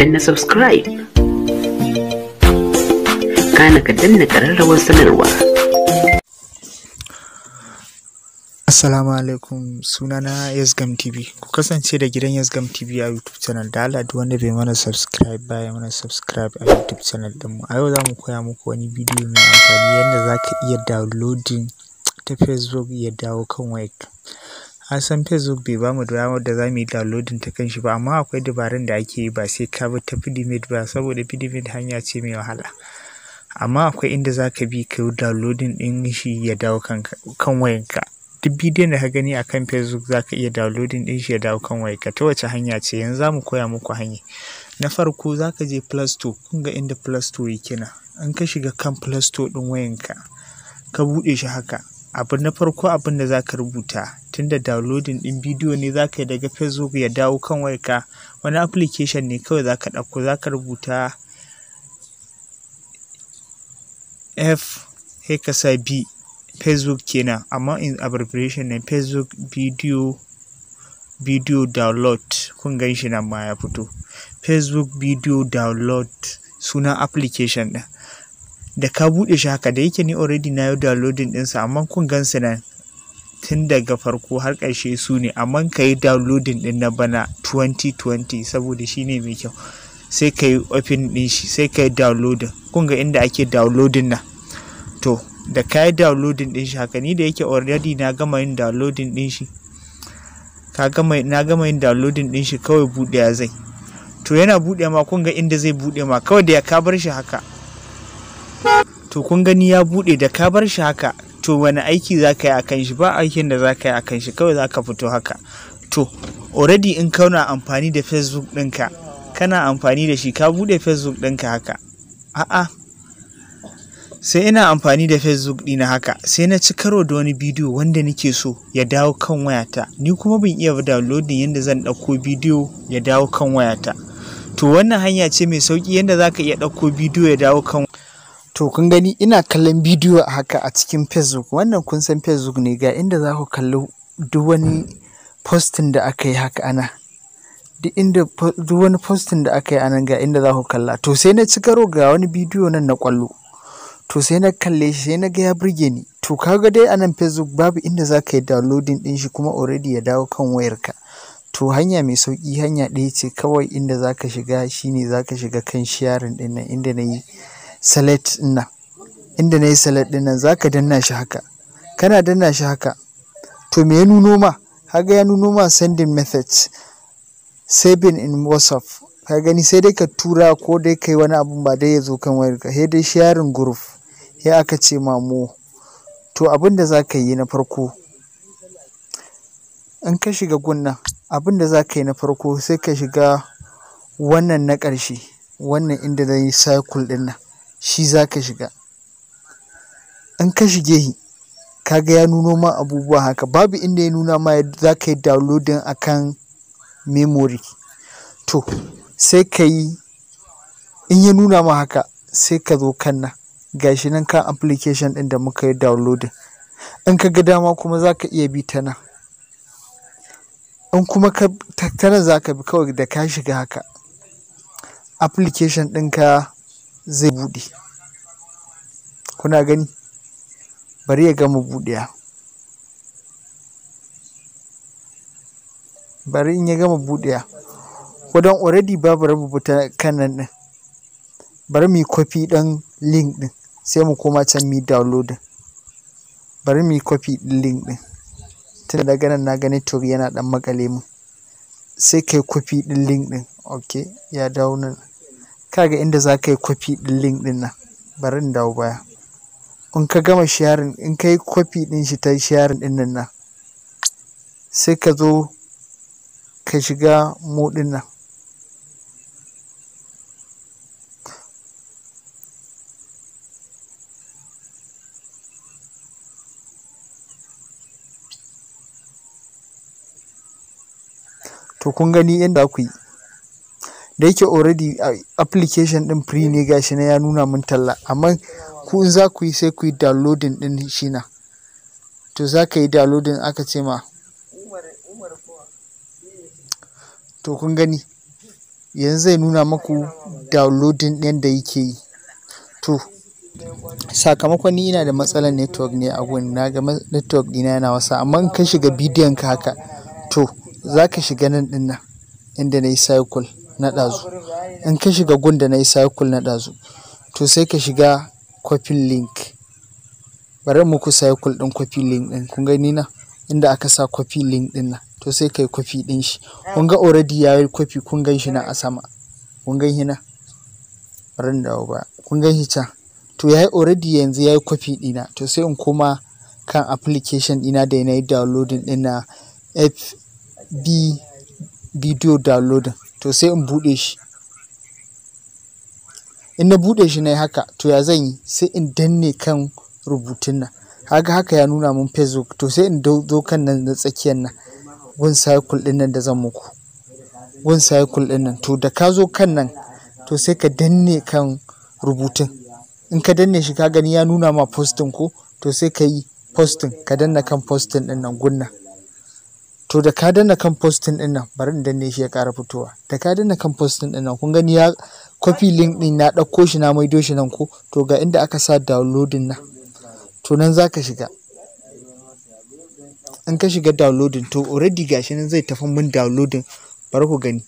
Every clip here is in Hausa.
danna subscribe kana ka danna ƙararrawar sanarwa Assalamu alaikum sunana Yesgam TV ku kasance da gidan Yasgam TV a YouTube channel da Allah duk wanda bai mana subscribe ba ya mana subscribe a YouTube channel din mu a yau zamu koya muku wani bidiyo mai amfani yadda zaka iya downloading ta Facebook ya dawo kan wayarka Kasan Facebook bai bamu damar da zamu yi downloading ta kan shi ba amma akwai dabarun da ake yi ba sai ka bi ta PDMate ba saboda PDMate hanya ce mai wahala. Amma akwai inda za ka bi ka yi downloading ɗin shi ya dawo kan wayanka. Duk bidiyon da ka gani a kan Facebook za ka iya downloading ɗin shi ya dawo kan wayanka. Ta wace hanya ce? Yanzu zamu koya muku hanya. Na farko za ka je Play Store, kun ga inda Play Store yake na In ka shiga kan Play Store ɗin wayanka, ka buɗe shi haka. abu na farko abin da za ka rubuta tunda downloading ɗin bidiyo ne za ka yi daga facebook ya dawo kan wayarka wani application ne kawai za ka ɗauko za ka rubuta f b facebook kenan amma in abbreviation ne facebook bidiyo video download kun gan shi nan ma ya fito facebook bidiyo download sunan application ɗin da ka buɗe shi haka da yake ni already na yi downloading ɗinsa amma kun su nan tun daga farko har ƙarshe su ne amma ka yi downloading ɗin na bana 2020 saboda shi ne mai kyau sai ka yi open ɗin shi sai ka yi downloading kun ga inda ake downloading na to da ka yi downloading ɗin shi haka ni da yake already na gama yin downloading ɗin shi ka gama na gama yin downloading ɗin shi kawai buɗe ya zai to yana buɗe ma kun ga inda zai buɗe ma kawai da ya ka bar shi haka to kun gani ya bude da ka bar shi haka to wani aiki za ka yi a kan shi ba aikin da za ka yi a kan shi kawai za ka fito haka to already in kana amfani da facebook ɗinka kana amfani da shi ka bude facebook ɗinka haka a'a sai ina amfani da facebook ɗina haka sai na ci karo da wani bidiyo wanda nake so ya dawo kan wayata ni kuma ban iya downloading yadda zan ɗauko bidiyo ya dawo kan wayata to wannan hanya ce mai sauki yadda za ka iya ɗauko bidiyo ya dawo kan To kun gani ina kallon bidiyo a haka a cikin Facebook wannan kun san Facebook ne ga inda za ku kalli duk wani postin da aka yi haka ana. Duk wani postin da aka yi anan ga inda za ku kalla. To sai na ci karo ga wani bidiyo nan na kwallo. To sai na kalle shi sai na ga ya burge ni. To kaga dai anan Facebook babu inda za ka yi downloading din shi kuma already ya dawo kan wayarka. to hanya mai sauki hanya ɗaya ce kawai inda za ka shiga shine za ka shiga kan sharing ɗin nan inda na yi Salad nan inda na yi select ɗin nan za ka danna shi haka kana danna shi haka to me ya nuno ma haga ya nuno ma sending methods saving in whatsapp ka gani sai dai ka tura ko dai kai wani abun ba dai ya zo kan wayar ka sai dai sharing group ya aka ce mu to abin da za ka yi na farko in ka shiga gunna abin da za yi na farko sai ka shiga wannan na ƙarshe wannan inda zai yi cycle ɗin nan shi za ka shiga in ka shige shi kaga ya nuno ma abubuwa haka babu inda ya nuna ma za ka yi a kan memory to sai ka yi in ya nuna ma haka sai ka zo kan nan gashi nan kan application ɗin da muka yi downloading in ka ga dama kuma za ka iya bi ta nan in kuma ka tattara za ka bi kawai da ka shiga haka application ɗinka zai buɗe kuna gani bari ya gama buɗewa bari in ya gama buɗewa ko already babu rubuta kan nan ɗin bari mu yi copy ɗin link ɗin sai mu koma can mu yi downloading bari mu yi copy ɗin link ɗin tunda daga nan na gani to yana ɗan makale mu sai kai copy ɗin link ɗin ok ya dawo nan kaga inda za ka yi kwafi ɗin link ɗin nan bari in dawo baya in ka gama sharing in ka yi kwafi ɗin shi ta sharing ɗin nan sai ka zo ka shiga mu ɗin nan to kun gani inda ku yi da yake already uh, application din free ne gashi na ya nuna mun talla amma ku in za ku yi sai ku yi downloading din shi na to za ka yi downloading aka ce ma to kun gani yanzu zai nuna maku downloading din da yake yi to sakamakon ni ina da matsalar network ne a gun na ga network ɗina yana wasa amma in ka shiga bidiyon ka haka to za ka shiga nan dinnan inda na yi cycle na ɗazu in ka shiga gunda na yi cycle na ɗazu to sai ka shiga copy link bari muku cycle ɗin copy link ɗin kun gani na inda aka sa copy link ɗin nan to sai kai copy ɗin shi ah. kun ga already ya yi copy kun gan shi na a sama kun gan shi na bari dawo ba kun gan shi can to ya yi already yanzu ya yi copy ɗina to sai in koma kan application ɗina da na yi downloading ɗin na fb video downloading to sai in buɗe shi in na buɗe shi na haka to ya zan yi sai in danne kan rubutun nan haka haka ya nuna mun facebook to sai in zo kan nan na tsakiyar nan gun cycle ɗin nan da zan muku gun cycle din nan to da ka zo kan nan to sai ka danne kan rubutun in ka danne shi ka gani ya nuna ma posting ko to sai ka yi ka danna kan posting ɗin nan gunnan to da ka danna kan postin din nan bari in danne shi ya ƙara fitowa da ka danna kan postin din nan kun gani ya copy link din na ɗauko shi na maido shi nan ko to ga inda aka sa downloading nan to nan za ka shiga in ka shiga downloading to already gashi nan zai tafi mun downloading bari ku gani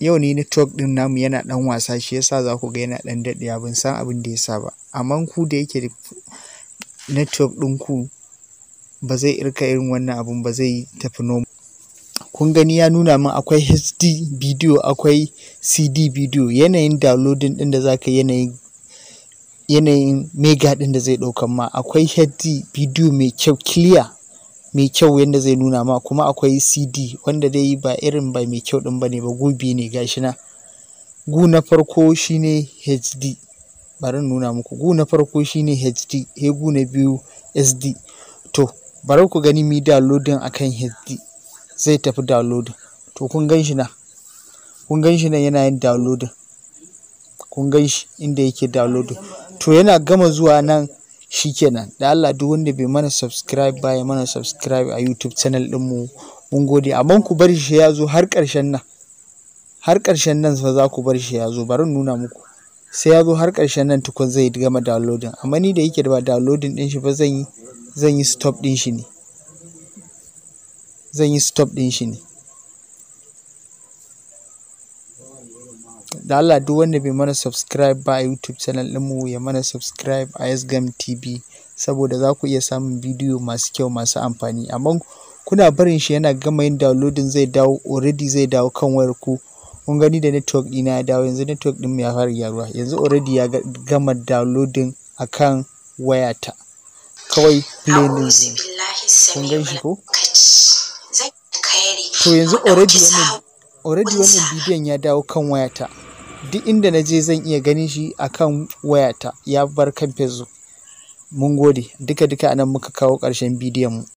yau ne network din namu yana dan wasa shi yasa za ku ga yana dan daɗe ban san abin da yasa ba amma ku da yake network ɗinku ba zai irka irin wannan abun ba zai tafi noma. kun gani ya nuna min akwai HD video akwai CD video yanayin downloading ɗin da za ka yanayin yanayin mega ɗin da zai ɗaukan ma akwai HD video mai kyau clear mai kyau yadda zai nuna ma kuma akwai CD wanda dai ba irin ba mai kyau ɗin ba ne ba biyu ne gashi na gu na farko shine HD bari in nuna muku gu na farko shine hd he gu na biyu sd to bari ku gani mi downloading akan hd zai tafi downloading to kun gan shi kun gan shi yana yin downloading kun gan inda yake downloading to yana gama zuwa nan shikenan da Allah duk wanda bai mana subscribe ba ya mana subscribe a YouTube channel din mu mun gode amma ku bari shi ya zo har ƙarshen nan har ƙarshen nan fa za ku bar shi ya zo bari nuna muku sai ya zo har ƙarshen nan tukun zai gama downloading amma ni da yake da ba downloading ɗin shi ba zan yi zan yi stop ɗin shi ne zan yi stop din shi ne da Allah duk wanda bai mana subscribe ba a YouTube channel mu ya mana subscribe a Yesgam TV saboda za ku iya samun bidiyo masu kyau masu amfani amma kuna barin shi yana gama yin downloading zai dawo already zai dawo kan wayar ku kun gani da network ɗina ya dawo yanzu network ɗin ya fara gyaruwa yanzu already ya gama downloading akan wayata kawai play ne kun shi ko to yanzu already wannan already wannan bidiyon ya dawo kan wayata duk inda na je zan iya ganin shi akan wayata ya bar kan facebook mun gode duka duka anan muka kawo karshen bidiyon mu